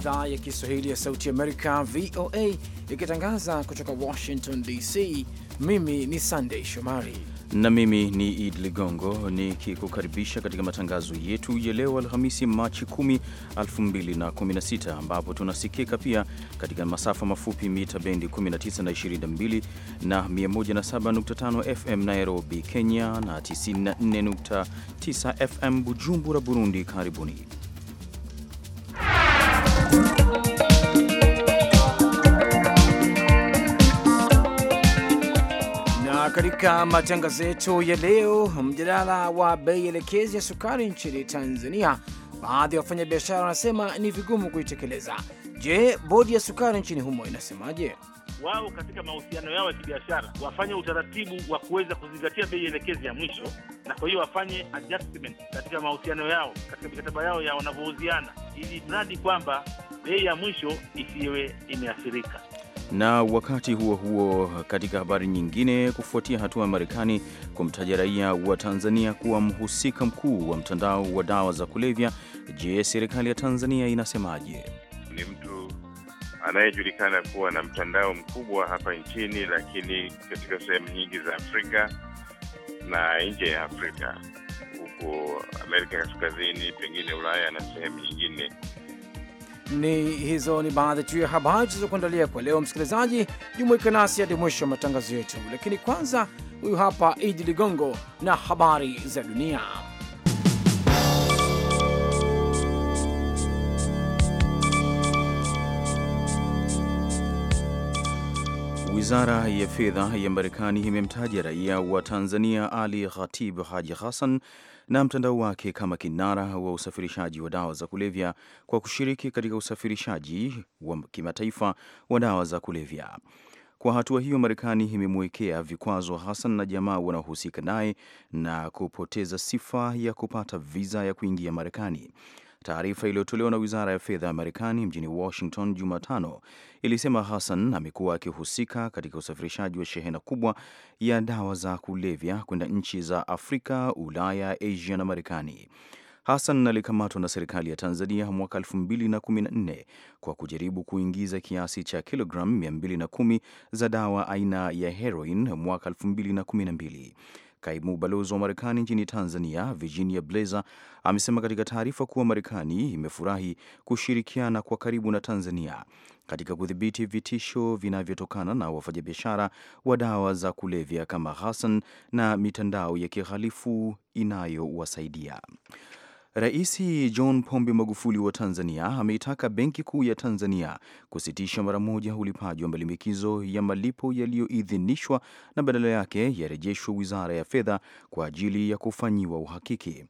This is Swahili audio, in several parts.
idhaa ya Kiswahili ya Sauti Amerika, VOA, ikitangaza kutoka Washington DC. Mimi ni Sandei Shomari na mimi ni id Ligongo nikikukaribisha katika matangazo yetu ya leo Alhamisi, Machi 10, 2016 ambapo tunasikika pia katika masafa mafupi mita bendi 19 na 22 na 107.5 FM Nairobi, Kenya na 94.9 FM Bujumbura, Burundi. Karibuni. Na katika matangazo yetu ya leo, mjadala wa bei elekezi ya sukari nchini Tanzania, baadhi ya wafanyabiashara wanasema ni vigumu kuitekeleza. Je, bodi ya sukari nchini humo inasemaje? Wao katika mahusiano yao ya kibiashara wafanye utaratibu wa kuweza kuzingatia bei elekezi ya mwisho na kwa hiyo wafanye adjustment katika mahusiano yao, katika mikataba yao ya wanavyohusiana, ili mradi kwamba bei ya mwisho isiwe imeathirika. Na wakati huo huo, katika habari nyingine, kufuatia hatua ya Marekani kumtaja raia wa Tanzania kuwa mhusika mkuu wa mtandao wa dawa za kulevya, je, serikali ya Tanzania inasemaje? Ni mtu anayejulikana kuwa na mtandao mkubwa hapa nchini, lakini katika sehemu nyingi za Afrika na nje ya Afrika, huko Amerika Kaskazini, pengine Ulaya na sehemu nyingine. Ni hizo ni baadhi tu ya habari tulizokuandalia kwa leo. Msikilizaji, jumuika nasi hadi mwisho wa matangazo yetu, lakini kwanza, huyu hapa Idi Ligongo na habari za dunia. Wizara ya fedha ya Marekani imemtaja raia wa Tanzania Ali Ghatib Haji Hassan na mtandao wake kama kinara wa usafirishaji wa dawa za kulevya kwa kushiriki katika usafirishaji wa kimataifa wa dawa za kulevya. Kwa hatua hiyo, Marekani imemwekea vikwazo Hassan na jamaa wanaohusika naye na kupoteza sifa ya kupata viza ya kuingia Marekani. Taarifa iliyotolewa na wizara ya fedha ya Marekani mjini Washington Jumatano ilisema Hassan amekuwa akihusika katika usafirishaji wa shehena kubwa ya dawa za kulevya kwenda nchi za Afrika, Ulaya, Asia na Marekani. Hassan alikamatwa na serikali ya Tanzania mwaka 2014 kwa kujaribu kuingiza kiasi cha kilogramu 210 za dawa aina ya heroin mwaka 2012. Kaimu balozi wa Marekani nchini Tanzania, Virginia Blazer, amesema katika taarifa kuwa Marekani imefurahi kushirikiana kwa karibu na Tanzania katika kudhibiti vitisho vinavyotokana na wafanyabiashara wa dawa za kulevya kama Hassan na mitandao ya kihalifu inayowasaidia. Rais John Pombe Magufuli wa Tanzania ameitaka Benki Kuu ya Tanzania kusitisha mara moja ulipaji wa malimbikizo ya malipo yaliyoidhinishwa na badala yake yarejeshwe Wizara ya Fedha kwa ajili ya kufanyiwa uhakiki.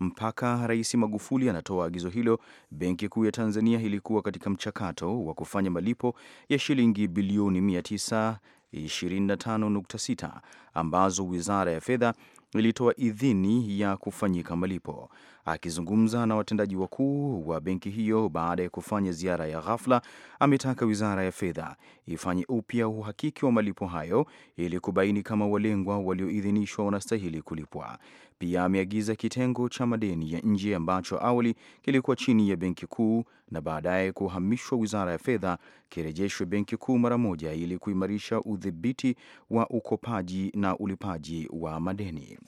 Mpaka Rais Magufuli anatoa agizo hilo, Benki Kuu ya Tanzania ilikuwa katika mchakato wa kufanya malipo ya shilingi bilioni 925.6 ambazo Wizara ya Fedha ilitoa idhini ya kufanyika malipo. Akizungumza na watendaji wakuu wa benki hiyo baada ya kufanya ziara ya ghafla, ametaka wizara ya fedha ifanye upya uhakiki wa malipo hayo ili kubaini kama walengwa walioidhinishwa wanastahili kulipwa. Pia ameagiza kitengo cha madeni ya nje ambacho awali kilikuwa chini ya benki kuu na baadaye kuhamishwa wizara ya fedha kirejeshwe benki kuu mara moja ili kuimarisha udhibiti wa ukopaji na ulipaji wa madeni.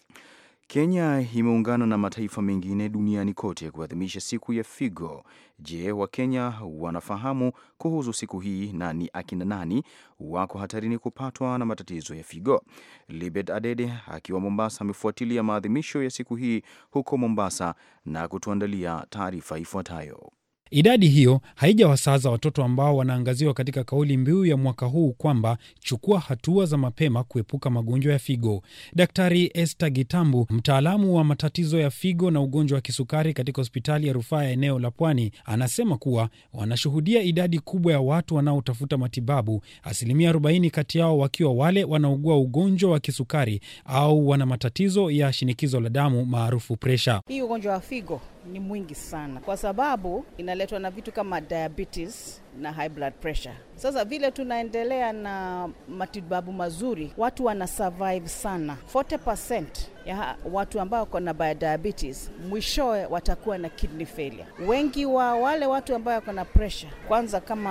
Kenya imeungana na mataifa mengine duniani kote kuadhimisha siku ya figo. Je, Wakenya wanafahamu kuhusu siku hii na ni akina nani wako hatarini kupatwa na matatizo ya figo? Libet Adede akiwa Mombasa amefuatilia maadhimisho ya siku hii huko Mombasa na kutuandalia taarifa ifuatayo. Idadi hiyo haijawasaza watoto ambao wanaangaziwa katika kauli mbiu ya mwaka huu kwamba chukua hatua za mapema kuepuka magonjwa ya figo. Daktari Esther Gitambu, mtaalamu wa matatizo ya figo na ugonjwa wa kisukari katika hospitali ya rufaa ya eneo la Pwani, anasema kuwa wanashuhudia idadi kubwa ya watu wanaotafuta matibabu, asilimia 40 kati yao wakiwa wale wanaugua ugonjwa wa kisukari au wana matatizo ya shinikizo la damu maarufu presha. Hii ugonjwa wa figo ni mwingi sana, kwa sababu inaletwa na vitu kama diabetes na high blood pressure. Sasa vile tunaendelea na matibabu mazuri, watu wana survive sana 40% ya watu ambao wako na diabetes mwishowe watakuwa na kidney failure. Wengi wa wale watu ambao wako na pressure, kwanza kama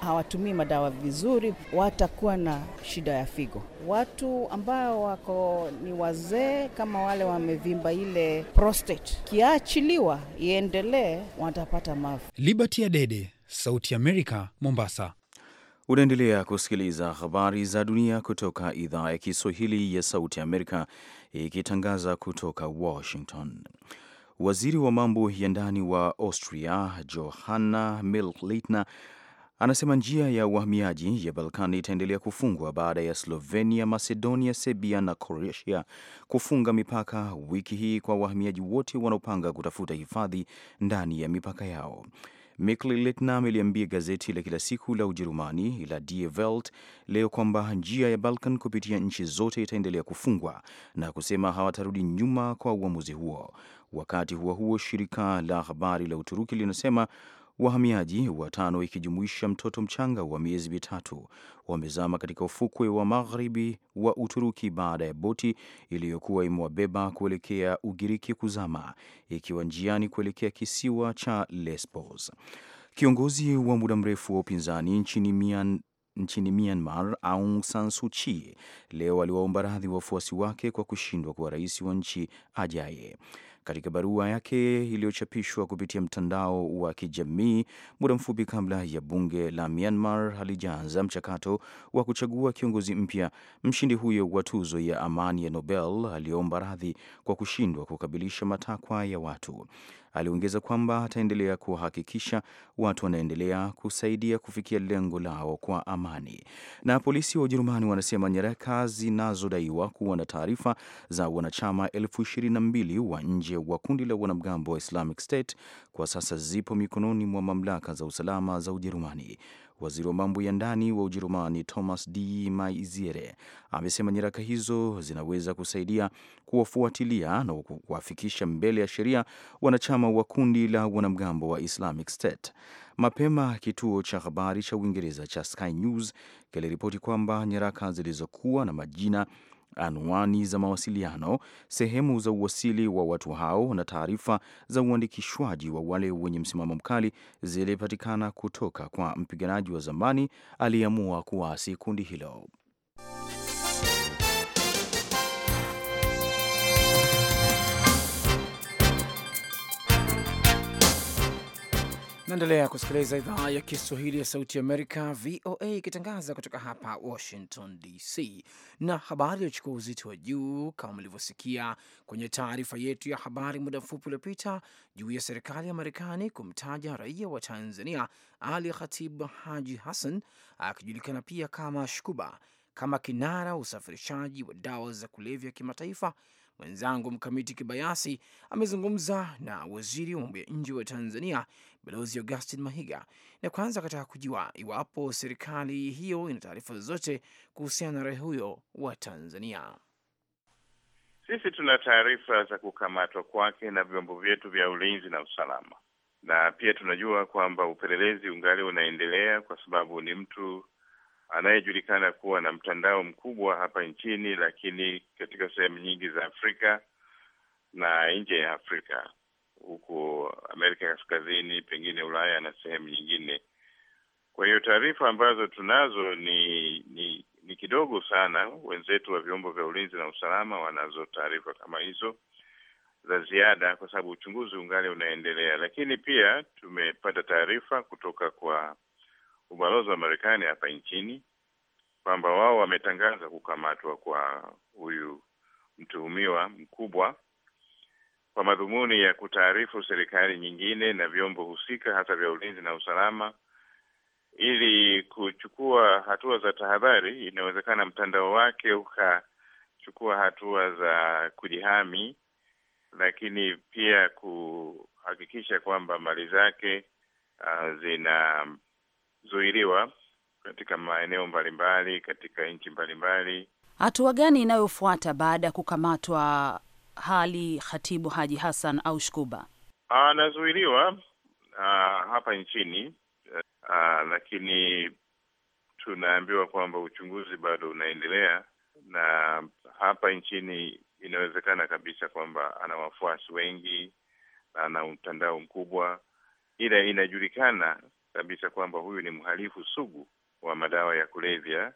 hawatumii madawa vizuri, watakuwa na shida ya figo. Watu ambao wako ni wazee kama wale wamevimba ile prostate, kiachiliwa iendelee, watapata maafa. Liberty Adede, Sauti Amerika, Mombasa. Unaendelea kusikiliza habari za dunia kutoka idhaa ya Kiswahili ya Sauti Amerika ikitangaza kutoka Washington. Waziri wa mambo ya ndani wa Austria Johanna mill anasema njia ya uhamiaji ya Balkani itaendelea kufungwa baada ya Slovenia, Macedonia, Serbia na Croatia kufunga mipaka wiki hii kwa wahamiaji wote wanaopanga kutafuta hifadhi ndani ya mipaka yao. Mikl Letnam iliambia gazeti la kila siku la Ujerumani la Die Welt leo kwamba njia ya Balkan kupitia nchi zote itaendelea kufungwa na kusema hawatarudi nyuma kwa uamuzi huo. Wakati huo huo, shirika la habari la Uturuki linasema Wahamiaji watano ikijumuisha mtoto mchanga wa miezi mitatu wamezama katika ufukwe wa magharibi wa Uturuki baada ya boti iliyokuwa imewabeba kuelekea Ugiriki kuzama ikiwa njiani kuelekea kisiwa cha Lesbos. Kiongozi wa muda mrefu wa upinzani nchini Mian nchini Myanmar Aung San Suu Kyi leo aliwaomba radhi wafuasi wake kwa kushindwa kuwa rais wa nchi ajaye katika barua yake iliyochapishwa kupitia mtandao wa kijamii muda mfupi kabla ya bunge la Myanmar halijaanza mchakato wa kuchagua kiongozi mpya. Mshindi huyo wa tuzo ya amani ya Nobel aliomba radhi kwa kushindwa kukabilisha matakwa ya watu. Aliongeza kwamba ataendelea kuhakikisha watu wanaendelea kusaidia kufikia lengo lao kwa amani. Na polisi wa Ujerumani wanasema nyaraka zinazodaiwa kuwa na taarifa za wanachama elfu ishirini na mbili wa nje nje wa kundi la wanamgambo wa Islamic State kwa sasa zipo mikononi mwa mamlaka za usalama za Ujerumani. Waziri wa mambo ya ndani wa Ujerumani Thomas D Maiziere amesema nyaraka hizo zinaweza kusaidia kuwafuatilia na kuwafikisha mbele ya sheria wanachama wa kundi la wanamgambo wa Islamic State. Mapema kituo cha habari cha Uingereza cha Sky News kiliripoti kwamba nyaraka zilizokuwa na majina anwani za mawasiliano, sehemu za uwasili wa watu hao na taarifa za uandikishwaji wa wale wenye msimamo mkali zilipatikana kutoka kwa mpiganaji wa zamani aliyeamua kuasi kundi hilo. Naendelea kusikiliza idhaa ya Kiswahili ya Sauti ya Amerika, VOA, ikitangaza kutoka hapa Washington DC. Na habari yachukua uzito wa juu kama mlivyosikia kwenye taarifa yetu ya habari muda mfupi uliopita, juu ya serikali ya Marekani kumtaja raia wa Tanzania Ali Khatib Haji Hassan, akijulikana pia kama Shkuba, kama kinara usafirishaji wa dawa za kulevya kimataifa. Mwenzangu Mkamiti Kibayasi amezungumza na waziri wa mambo ya nje wa Tanzania Balozi Augustin Mahiga, na kwanza akataka kujua iwapo serikali hiyo ina taarifa zozote kuhusiana na raia huyo wa Tanzania. Sisi tuna taarifa za kukamatwa kwake na vyombo vyetu vya ulinzi na usalama, na pia tunajua kwamba upelelezi ungali unaendelea, kwa sababu ni mtu anayejulikana kuwa na mtandao mkubwa hapa nchini, lakini katika sehemu nyingi za Afrika na nje ya Afrika huko Amerika Kaskazini, pengine Ulaya na sehemu nyingine. Kwa hiyo taarifa ambazo tunazo ni, ni ni kidogo sana. Wenzetu wa vyombo vya ulinzi na usalama wanazo taarifa kama hizo za ziada, kwa sababu uchunguzi ungali unaendelea. Lakini pia tumepata taarifa kutoka kwa ubalozi wa Marekani hapa nchini kwamba wao wametangaza kukamatwa kwa huyu mtuhumiwa mkubwa kwa madhumuni ya kutaarifu serikali nyingine na vyombo husika hasa vya ulinzi na usalama ili kuchukua hatua za tahadhari. Inawezekana mtandao wake ukachukua hatua za kujihami, lakini pia kuhakikisha kwamba mali zake uh, zinazuiliwa katika maeneo mbalimbali katika nchi mbalimbali. Hatua gani inayofuata baada ya kukamatwa hali Khatibu Haji Hassan au Shkuba? Ah, anazuiliwa ah, hapa nchini a, ah, lakini tunaambiwa kwamba uchunguzi bado unaendelea, na hapa nchini inawezekana kabisa kwamba ana wafuasi wengi na ana mtandao mkubwa, ila inajulikana kabisa kwamba huyu ni mhalifu sugu wa madawa ya kulevya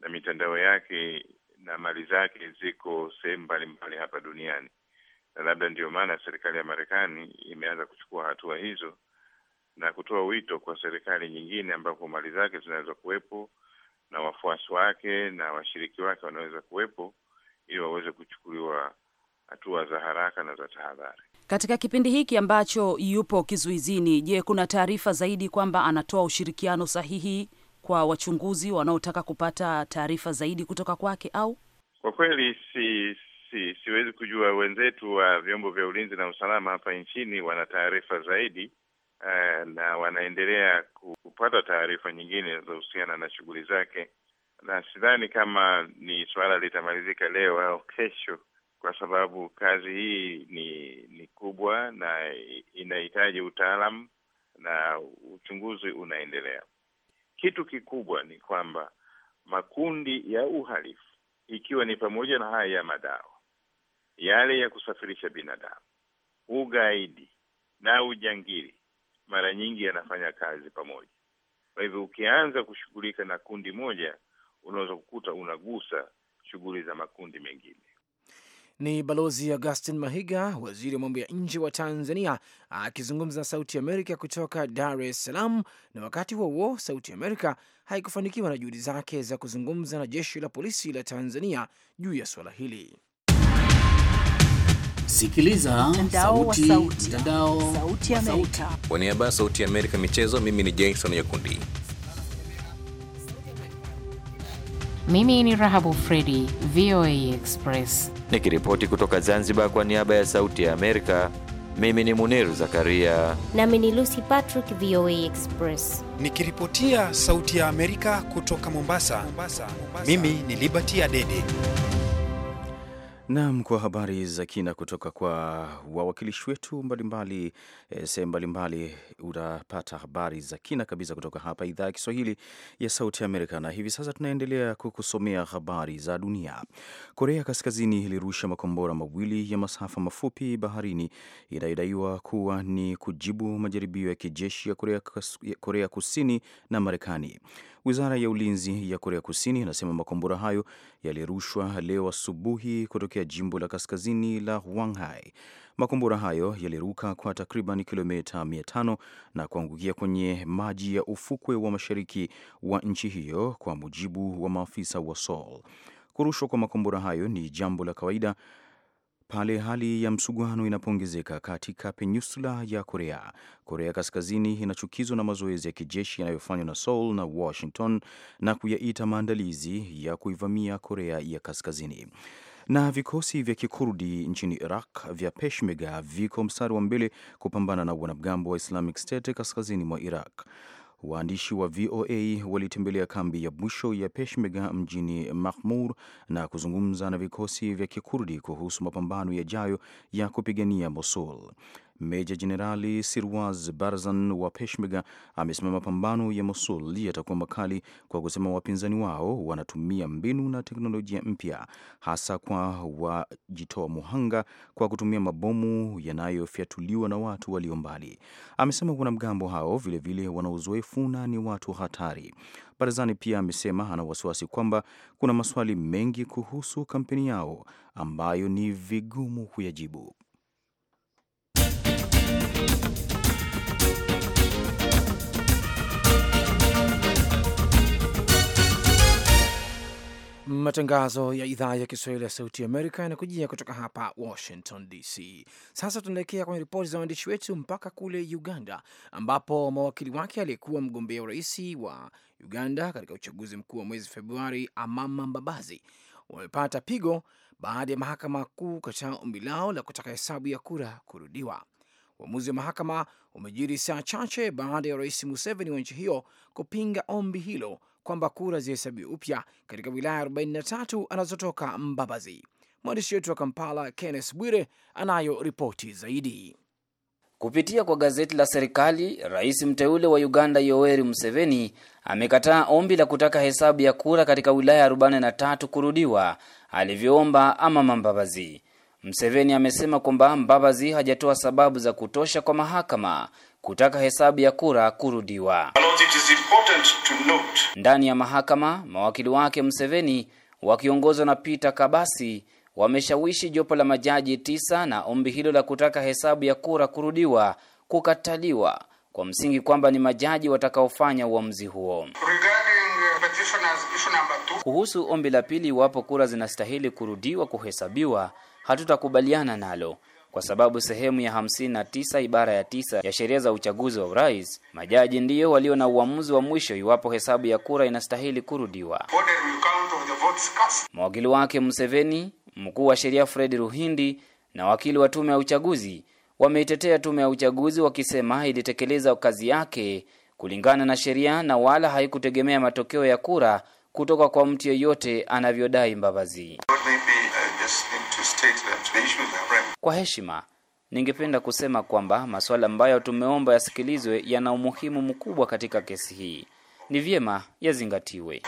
na mitandao yake na mali zake ziko sehemu mbalimbali hapa duniani, na labda ndiyo maana serikali ya Marekani imeanza kuchukua hatua hizo na kutoa wito kwa serikali nyingine ambapo mali zake zinaweza kuwepo na wafuasi wake na washiriki wake wanaweza kuwepo ili waweze kuchukuliwa hatua za haraka na za tahadhari. Katika kipindi hiki ambacho yupo kizuizini, je, kuna taarifa zaidi kwamba anatoa ushirikiano sahihi kwa wachunguzi wanaotaka kupata taarifa zaidi kutoka kwake? Au kwa kweli si, si siwezi kujua. Wenzetu wa vyombo vya ulinzi na usalama hapa nchini wana taarifa zaidi uh, na wanaendelea kupata taarifa nyingine zinazohusiana na shughuli zake, na sidhani kama ni suala litamalizika leo au kesho kwa sababu kazi hii ni ni kubwa na inahitaji utaalam na uchunguzi unaendelea. Kitu kikubwa ni kwamba makundi ya uhalifu ikiwa ni pamoja na haya ya madawa, yale ya kusafirisha binadamu, ugaidi na ujangili, mara nyingi yanafanya kazi pamoja. Kwa hivyo ukianza kushughulika na kundi moja, unaweza kukuta unagusa shughuli za makundi mengine. Ni Balozi Augustin Mahiga, waziri wa mambo ya nje wa Tanzania, akizungumza na Sauti Amerika kutoka Dar es Salaam. Na wakati huo huo, Sauti Amerika haikufanikiwa na juhudi zake za kuzungumza na jeshi la polisi la Tanzania juu ya suala hili. Sikiliza mtandao wa sauti, sauti Kwa niaba ya Sauti ya Amerika michezo, mimi ni Jason Yakundi. Mimi ni Rahabu Fredi, VOA Express. Nikiripoti kutoka Zanzibar kwa niaba ya Sauti ya Amerika, mimi ni Muniru Zakaria nami ni Lucy Patrick, VOA Express. Nikiripotia Sauti ya Amerika kutoka Mombasa, Mombasa, Mombasa. Mimi ni Liberty Adede. Naam, kwa habari za kina kutoka kwa wawakilishi wetu mbalimbali eh, sehemu mbalimbali utapata habari za kina kabisa kutoka hapa idhaa ya Kiswahili ya Sauti ya Amerika. Na hivi sasa tunaendelea kukusomea habari za dunia. Korea Kaskazini ilirusha makombora mawili ya masafa mafupi baharini inayodaiwa kuwa ni kujibu majaribio ya kijeshi ya Korea, Korea Kusini na Marekani. Wizara ya ulinzi ya Korea Kusini inasema makombora hayo yalirushwa leo asubuhi kutokea jimbo la kaskazini la Hwanghae. Makombora hayo yaliruka kwa takriban kilomita 500 na kuangukia kwenye maji ya ufukwe wa mashariki wa nchi hiyo, kwa mujibu wa maafisa wa Seoul. Kurushwa kwa makombora hayo ni jambo la kawaida pale hali ya msuguano inapoongezeka katika peninsula ya Korea, Korea Kaskazini inachukizwa na mazoezi ya kijeshi yanayofanywa na Seoul na Washington na kuyaita maandalizi ya kuivamia Korea ya Kaskazini. Na vikosi vya kikurdi nchini Iraq vya Peshmerga viko mstari wa mbele kupambana na wanamgambo wa Islamic State kaskazini mwa Iraq. Waandishi wa VOA walitembelea kambi ya mwisho ya Peshmerga mjini Mahmur na kuzungumza na vikosi vya Kikurdi kuhusu mapambano yajayo ya kupigania Mosul. Meja Jenerali Sirwaz Barzan wa Peshmerga amesema mapambano ya Mosul yatakuwa makali kwa kusema wapinzani wao wanatumia mbinu na teknolojia mpya, hasa kwa wajitoa muhanga kwa kutumia mabomu yanayofyatuliwa na watu walio mbali. Amesema wanamgambo hao vilevile wana uzoefu na ni watu hatari. Barzani pia amesema ana wasiwasi kwamba kuna maswali mengi kuhusu kampeni yao ambayo ni vigumu kuyajibu. Matangazo ya idhaa ya Kiswahili ya Sauti Amerika yanakujia kutoka hapa Washington DC. Sasa tunaelekea kwenye ripoti za waandishi wetu mpaka kule Uganda, ambapo mawakili wake aliyekuwa mgombea urais wa Uganda katika uchaguzi mkuu wa mwezi Februari, Amama Mbabazi, wamepata pigo baada ya mahakama kuu kataa ombi lao la kutaka hesabu ya kura kurudiwa. Uamuzi wa mahakama umejiri saa chache baada ya Rais Museveni wa nchi hiyo kupinga ombi hilo kwamba kura zihesabiwe upya katika wilaya 43 anazotoka Mbabazi. Mwandishi wetu wa Kampala, Kenneth Bwire, anayo ripoti zaidi. Kupitia kwa gazeti la serikali, rais mteule wa Uganda Yoweri Museveni amekataa ombi la kutaka hesabu ya kura katika wilaya 43 kurudiwa alivyoomba Amama Mbabazi. Mseveni amesema kwamba Mbabazi hajatoa sababu za kutosha kwa mahakama kutaka hesabu ya kura kurudiwa is important to note. Ndani ya mahakama mawakili wake mseveni wakiongozwa na Peter Kabasi wameshawishi jopo la majaji tisa na ombi hilo la kutaka hesabu ya kura kurudiwa kukataliwa kwa msingi kwamba ni majaji watakaofanya uamuzi huo. Uh, Kuhusu ombi la pili, iwapo kura zinastahili kurudiwa kuhesabiwa, hatutakubaliana nalo kwa sababu sehemu ya 59 ibara ya tisa ya sheria za uchaguzi wa urais, majaji ndiyo walio na uamuzi wa mwisho iwapo hesabu ya kura inastahili kurudiwa. Mawakili wake Museveni, mkuu wa sheria Fred Ruhindi na wakili wa tume ya uchaguzi wameitetea tume ya uchaguzi wakisema ilitekeleza kazi yake kulingana na sheria na wala haikutegemea matokeo ya kura kutoka kwa mtu yeyote anavyodai Mbabazi. Kwa heshima, ningependa kusema kwamba masuala ambayo tumeomba yasikilizwe yana umuhimu mkubwa katika kesi hii, ni vyema yazingatiwe.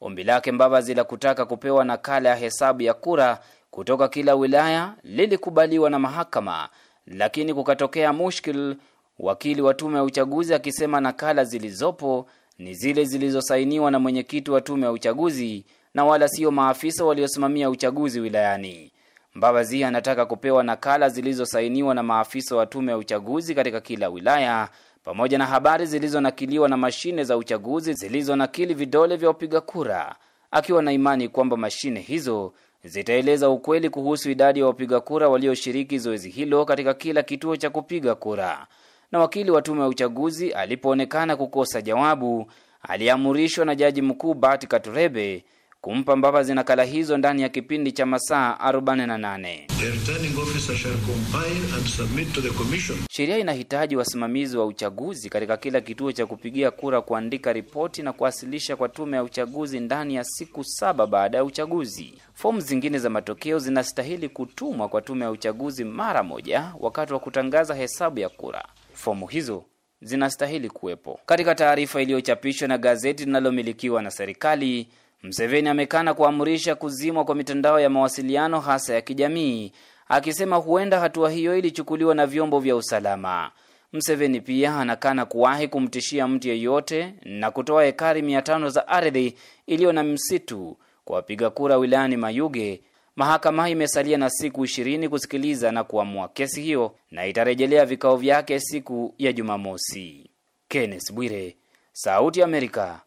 Ombi lake Mbabazi la kutaka kupewa nakala ya hesabu ya kura kutoka kila wilaya lilikubaliwa na mahakama, lakini kukatokea mushkil, wakili wa tume ya uchaguzi akisema nakala zilizopo ni zile zilizosainiwa na mwenyekiti wa tume ya uchaguzi na wala sio maafisa waliosimamia uchaguzi wilayani. Mbabazi anataka kupewa nakala zilizosainiwa na maafisa wa tume ya uchaguzi katika kila wilaya pamoja na habari zilizonakiliwa na mashine za uchaguzi zilizonakili vidole vya wapiga kura, akiwa na imani kwamba mashine hizo zitaeleza ukweli kuhusu idadi ya wapiga kura walioshiriki zoezi hilo katika kila kituo cha kupiga kura. Na wakili wa tume ya uchaguzi alipoonekana kukosa jawabu, aliamrishwa na jaji mkuu Bart Katurebe kumpa Mbabazi nakala hizo ndani ya kipindi cha masaa 48. Sheria inahitaji wasimamizi wa uchaguzi katika kila kituo cha kupigia kura kuandika ripoti na kuwasilisha kwa tume ya uchaguzi ndani ya siku saba baada ya uchaguzi. Fomu zingine za matokeo zinastahili kutumwa kwa tume ya uchaguzi mara moja wakati wa kutangaza hesabu ya kura. Fomu hizo zinastahili kuwepo katika taarifa iliyochapishwa na gazeti linalomilikiwa na serikali. Mseveni amekana kuamrisha kuzimwa kwa mitandao ya mawasiliano hasa ya kijamii, akisema huenda hatua hiyo ilichukuliwa na vyombo vya usalama. Mseveni pia anakana kuwahi kumtishia mtu yeyote na kutoa ekari mia tano za ardhi iliyo na msitu kwa wapiga kura wilayani Mayuge. Mahakama imesalia na siku ishirini kusikiliza na kuamua kesi hiyo na itarejelea vikao vyake siku ya Jumamosi. Kenneth Bwire, Sauti ya Amerika,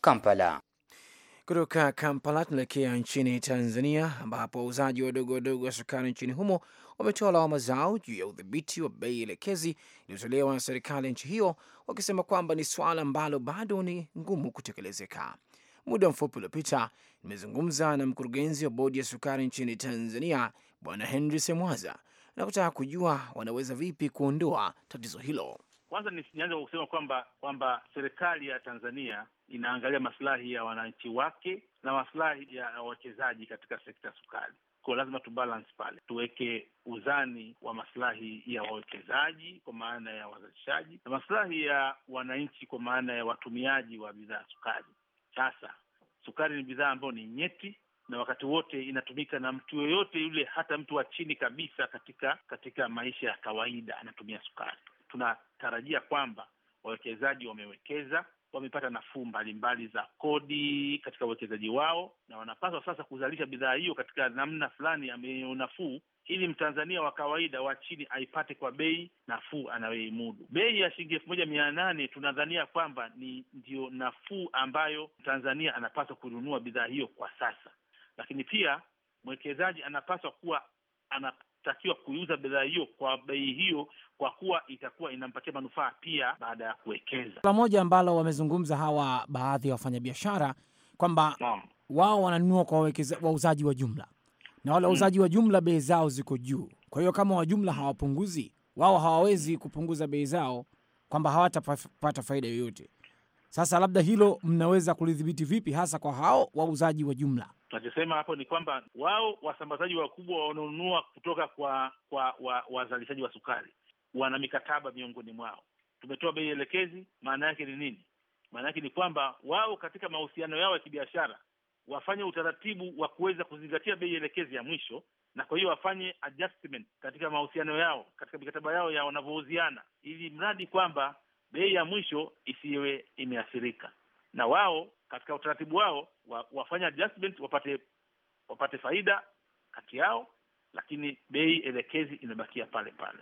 Kampala kutoka Kampala tunaelekea nchini Tanzania, ambapo wauzaji wadogo wadogo wa sukari nchini humo wametoa lawama zao juu ya udhibiti wa bei elekezi iliyotolewa na serikali ya nchi hiyo, wakisema kwamba ni suala ambalo bado ni ngumu kutekelezeka. Muda mfupi uliopita nimezungumza na mkurugenzi wa bodi ya sukari nchini Tanzania, Bwana Henry Semwaza, na kutaka kujua wanaweza vipi kuondoa tatizo hilo. Kwanza nianze kwa kusema kwamba kwamba serikali ya Tanzania inaangalia maslahi ya wananchi wake na maslahi ya wawekezaji katika sekta ya sukari. Kwa lazima tubalance pale, tuweke uzani wa maslahi ya wawekezaji kwa maana ya wazalishaji na maslahi ya wananchi kwa maana ya watumiaji wa bidhaa sukari. Sasa sukari ni bidhaa ambayo ni nyeti na wakati wote inatumika na mtu yoyote yule, hata mtu wa chini kabisa katika katika maisha ya kawaida anatumia sukari tunatarajia kwamba wawekezaji wamewekeza, wamepata nafuu mbalimbali za kodi katika uwekezaji wao, na wanapaswa sasa kuzalisha bidhaa hiyo katika namna fulani yenye nafuu, ili mtanzania wa kawaida wa chini aipate kwa bei nafuu anayoimudu. Bei ya shilingi elfu moja mia nane tunadhania kwamba ni ndio nafuu ambayo mtanzania anapaswa kununua bidhaa hiyo kwa sasa, lakini pia mwekezaji anapaswa kuwa ana takiwa kuiuza bidhaa hiyo kwa bei hiyo, kwa kuwa itakuwa inampatia manufaa pia baada ya kuwekeza. La moja ambalo wamezungumza hawa baadhi ya wafanyabiashara kwamba wao wananunua kwa wauzaji wa jumla na wale mm. wauzaji wa jumla bei zao ziko juu. Kwa hiyo kama wajumla hawapunguzi, wao hawawezi kupunguza bei zao, kwamba hawatapata faida yoyote. Sasa labda hilo mnaweza kulidhibiti vipi, hasa kwa hao wauzaji wa jumla? Tunachosema hapo ni kwamba wao wasambazaji wakubwa wanaonunua kutoka kwa kwa wazalishaji wa, wa sukari wana mikataba miongoni mwao. Tumetoa bei elekezi, maana yake ni nini? Maana yake ni kwamba wao katika mahusiano yao ya kibiashara wafanye utaratibu wa kuweza kuzingatia bei elekezi ya mwisho, na kwa hiyo wafanye adjustment katika mahusiano yao, katika mikataba yao ya wanavyouziana, ili mradi kwamba bei ya mwisho isiwe imeathirika, na wao katika utaratibu wao wa, wafanya adjustment wapate wapate faida kati yao, lakini bei elekezi imebakia pale pale.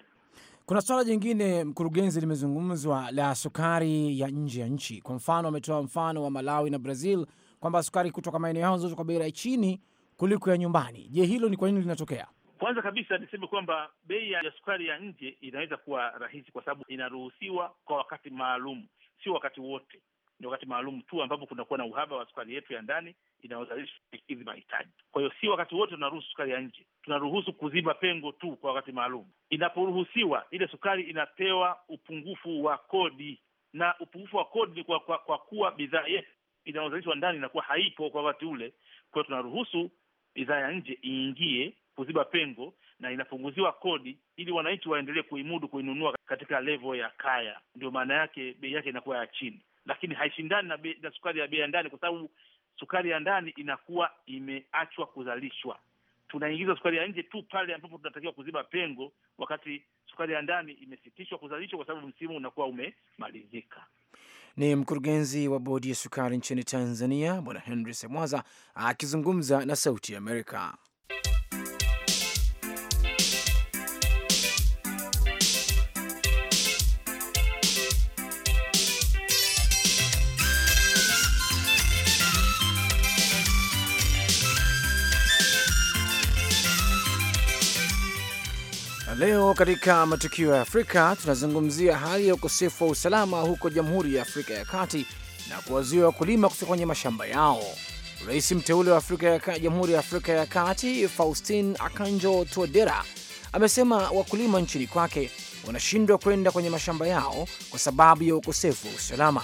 Kuna swala jingine mkurugenzi, limezungumzwa la sukari ya nje ya nchi. Kwa mfano, ametoa mfano wa Malawi na Brazil kwamba sukari kutoka maeneo yao zinauzwa kwa bei ya chini kuliko ya nyumbani. Je, hilo ni kwa nini linatokea? Kwanza kabisa niseme kwamba bei ya sukari ya nje inaweza kuwa rahisi kwa sababu inaruhusiwa kwa wakati maalum, sio wakati wote ni wakati maalum tu ambapo kunakuwa na uhaba wa sukari yetu ya ndani inayozalishwa kukidhi mahitaji. Kwa hiyo si wakati wote tunaruhusu sukari ya nje, tunaruhusu kuziba pengo tu kwa wakati maalum. Inaporuhusiwa, ile sukari inapewa upungufu wa kodi, na upungufu wa kodi ni kwa, kwa, kwa kuwa bidhaa yetu inayozalishwa ndani inakuwa haipo kwa wakati ule. Kwa hiyo tunaruhusu bidhaa ya nje iingie kuziba pengo na inapunguziwa kodi ili wananchi waendelee kuimudu kuinunua katika levo ya kaya. Ndio maana yake bei yake inakuwa ya chini lakini haishindani na, na sukari ya bei ya ndani, kwa sababu sukari ya ndani inakuwa imeachwa kuzalishwa. Tunaingiza sukari ya nje tu pale ambapo tunatakiwa kuziba pengo, wakati sukari ya ndani imesitishwa kuzalishwa kwa sababu msimu unakuwa umemalizika. Ni mkurugenzi wa bodi ya sukari nchini Tanzania, Bwana Henry Semwaza akizungumza na Sauti ya Amerika. Leo katika matukio ya Afrika tunazungumzia hali ya ukosefu wa usalama huko Jamhuri ya Afrika ya Kati na kuwazuia wakulima kutoka kwenye mashamba yao. Rais mteule wa Jamhuri ya Afrika ya Kati Faustin Akanjo Tuodera amesema wakulima nchini kwake wanashindwa kwenda kwenye mashamba yao kwa sababu ya ukosefu wa usalama.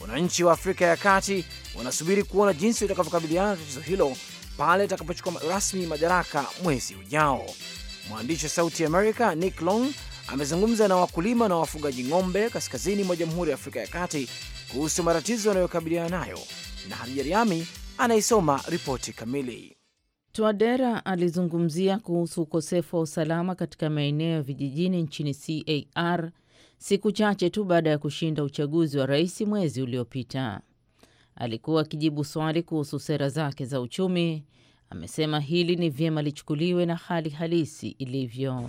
Wananchi wa Afrika ya Kati wanasubiri kuona jinsi watakavyokabiliana na tatizo hilo pale atakapochukua rasmi madaraka mwezi ujao. Mwandishi wa Sauti Amerika Nick Long amezungumza na wakulima na wafugaji ng'ombe kaskazini mwa Jamhuri ya Afrika ya Kati kuhusu matatizo yanayokabiliana nayo, na Hadija anaisoma ripoti kamili. Twadera alizungumzia kuhusu ukosefu wa usalama katika maeneo ya vijijini nchini CAR siku chache tu baada ya kushinda uchaguzi wa rais mwezi uliopita. Alikuwa akijibu swali kuhusu sera zake za uchumi Amesema hili ni vyema lichukuliwe na hali halisi ilivyo.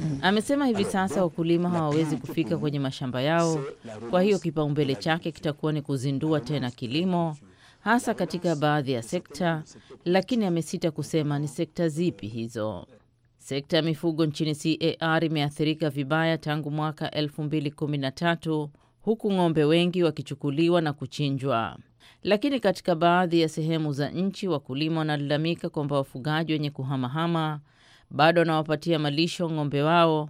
Mm. Amesema hivi sasa wakulima hawawezi kufika kwenye mashamba yao, kwa hiyo kipaumbele chake kitakuwa ni kuzindua tena kilimo hasa katika baadhi ya sekta, lakini amesita kusema ni sekta zipi hizo. Sekta ya mifugo nchini CAR imeathirika vibaya tangu mwaka 2013 huku ng'ombe wengi wakichukuliwa na kuchinjwa. Lakini katika baadhi ya sehemu za nchi, wakulima wanalalamika kwamba wafugaji wenye kuhamahama bado wanawapatia malisho ng'ombe wao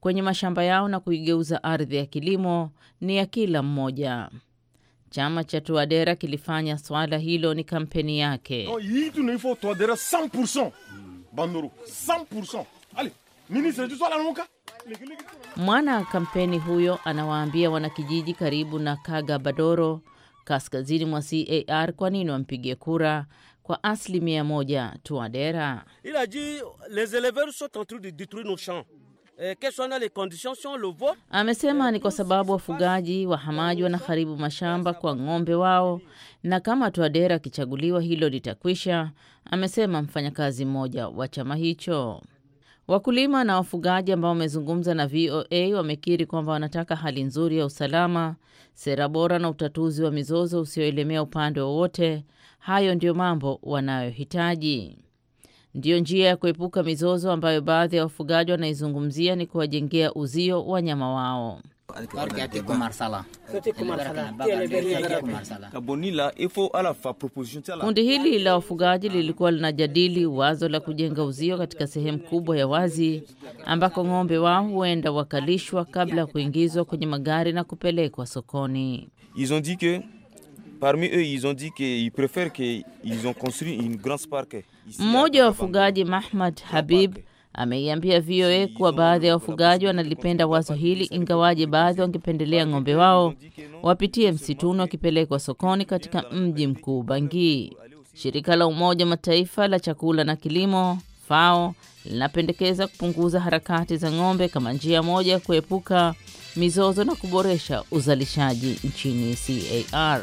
kwenye mashamba yao na kuigeuza ardhi ya kilimo ni ya kila mmoja. Chama cha Tuadera kilifanya swala hilo ni kampeni yake. Tuadera 100%. 100%. Mwana kampeni huyo anawaambia wanakijiji karibu na Kagabadoro kaskazini mwa CAR kwa nini wampigie kura kwa asilimia moja Tuadera. a eh, Amesema ni kwa sababu wafugaji wahamaji wanaharibu mashamba kwa ng'ombe wao, na kama tuadera akichaguliwa hilo litakwisha, amesema mfanyakazi mmoja wa chama hicho. Wakulima na wafugaji ambao wamezungumza na VOA wamekiri kwamba wanataka hali nzuri ya usalama, sera bora na utatuzi wa mizozo usioelemea upande wowote. Hayo ndiyo mambo wanayohitaji. Ndiyo njia ya kuepuka mizozo ambayo baadhi ya wafugaji wanaizungumzia ni kuwajengea uzio wanyama wao. Kundi hili la wafugaji lilikuwa linajadili wazo la kujenga uzio katika sehemu kubwa ya wazi ambako ng'ombe wao huenda wakalishwa kabla ya kuingizwa kwenye magari na kupelekwa sokoni. Mmoja wa wafugaji Mahmad Habib Ameiambia VOA kuwa baadhi ya wafugaji wanalipenda wazo hili, ingawaje baadhi wangependelea ng'ombe wao wapitie msituni wakipelekwa sokoni katika mji mkuu Bangui. Shirika la Umoja wa Mataifa la chakula na kilimo FAO linapendekeza kupunguza harakati za ng'ombe kama njia moja ya kuepuka mizozo na kuboresha uzalishaji nchini CAR.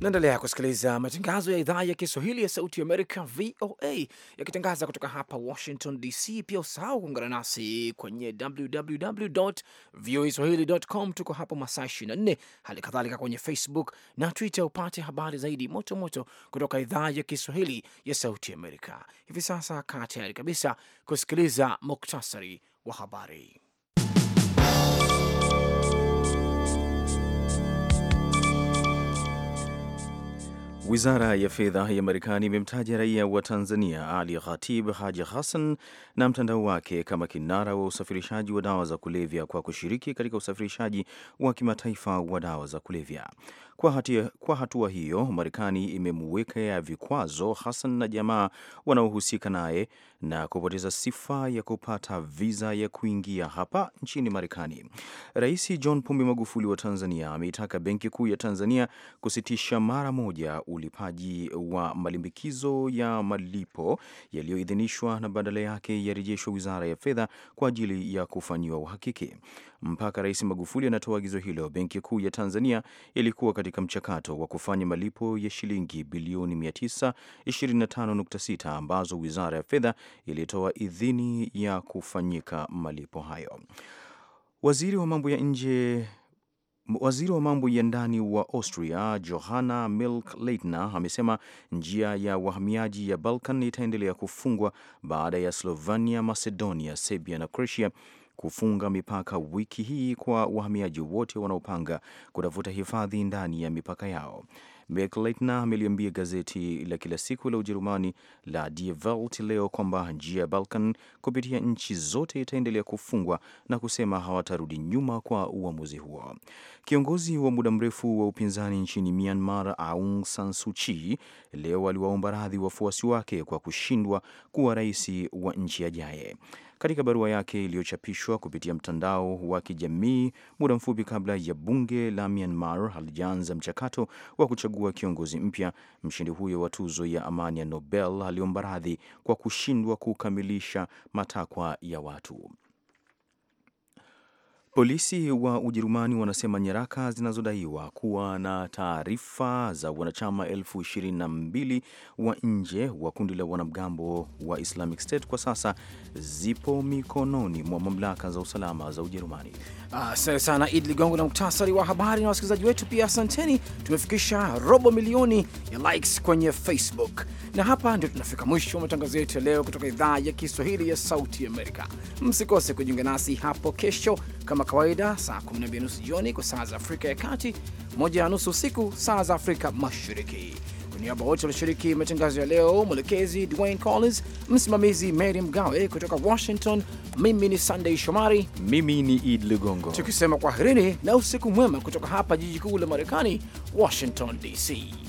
Naendelea kusikiliza matangazo ya idhaa ya Kiswahili ya Sauti Amerika, VOA, yakitangaza kutoka hapa Washington DC. Pia usahau kuungana nasi kwenye www voa swahilicom. Tuko hapo masaa 24, hali kadhalika kwenye Facebook na Twitter, upate habari zaidi moto moto kutoka idhaa ya Kiswahili ya Sauti Amerika. Hivi sasa kaa tayari kabisa kusikiliza muktasari wa habari. Wizara ya fedha ya Marekani imemtaja raia wa Tanzania Ali khatib Haji Hassan na mtandao wake kama kinara wa usafirishaji wa dawa za kulevya kwa kushiriki katika usafirishaji wa kimataifa wa dawa za kulevya. Kwa, hati, kwa hatua hiyo Marekani imemuwekea vikwazo Hassan na jamaa wanaohusika naye na kupoteza sifa ya kupata viza ya kuingia hapa nchini Marekani. Rais John Pombe Magufuli wa Tanzania ameitaka Benki Kuu ya Tanzania kusitisha mara moja ulipaji wa malimbikizo ya malipo yaliyoidhinishwa na badala yake yarejeshwa Wizara ya Fedha kwa ajili ya kufanyiwa uhakiki. Mpaka Rais Magufuli anatoa agizo hilo, Benki Kuu ya Tanzania ilikuwa katika mchakato wa kufanya malipo ya shilingi bilioni 925.6 ambazo Wizara ya Fedha ilitoa idhini ya kufanyika malipo hayo. Waziri wa mambo ya nje Waziri wa mambo ya ndani wa Austria Johanna Milk-Leitner amesema njia ya wahamiaji ya Balkan itaendelea kufungwa baada ya Slovenia, Macedonia, Serbia na Croatia kufunga mipaka wiki hii kwa wahamiaji wote wanaopanga kutafuta hifadhi ndani ya mipaka yao. Meckleitner ameliambia gazeti la kila siku la Ujerumani la Die Welt leo kwamba njia ya Balkan kupitia nchi zote itaendelea kufungwa na kusema hawatarudi nyuma kwa uamuzi huo. Kiongozi wa muda mrefu wa upinzani nchini Myanmar, Aung San Suu Kyi, leo aliwaomba radhi wafuasi wake kwa kushindwa kuwa rais wa nchi ajaye katika barua yake iliyochapishwa kupitia mtandao wa kijamii muda mfupi kabla ya bunge la Myanmar halijaanza mchakato wa kuchagua kiongozi mpya. Mshindi huyo wa tuzo ya amani ya Nobel aliomba radhi kwa kushindwa kukamilisha matakwa ya watu. Polisi wa Ujerumani wanasema nyaraka zinazodaiwa kuwa na taarifa za wanachama elfu ishirini na mbili wa nje wa kundi la wanamgambo wa Islamic State kwa sasa zipo mikononi mwa mamlaka za usalama za Ujerumani. Asante ah, sana Idi Ligongo na muktasari wa habari. Na wasikilizaji wetu pia asanteni, tumefikisha robo milioni ya likes kwenye Facebook, na hapa ndio tunafika mwisho wa matangazo yetu ya leo kutoka idhaa ya Kiswahili ya Sauti Amerika. Msikose kujiunga nasi hapo kesho kama kawaida saa 12 nusu jioni kwa saa za Afrika ya Kati, moja na nusu usiku saa za Afrika Mashariki. Kwa niaba wote walioshiriki matangazo ya leo, mwelekezi Dwayne Collins, msimamizi Mary Mgawe kutoka Washington, mimi ni sandey Shomari, mimi ni Id Lugongo, tukisema kwaherini na usiku mwema kutoka hapa jiji kuu la Marekani, Washington DC.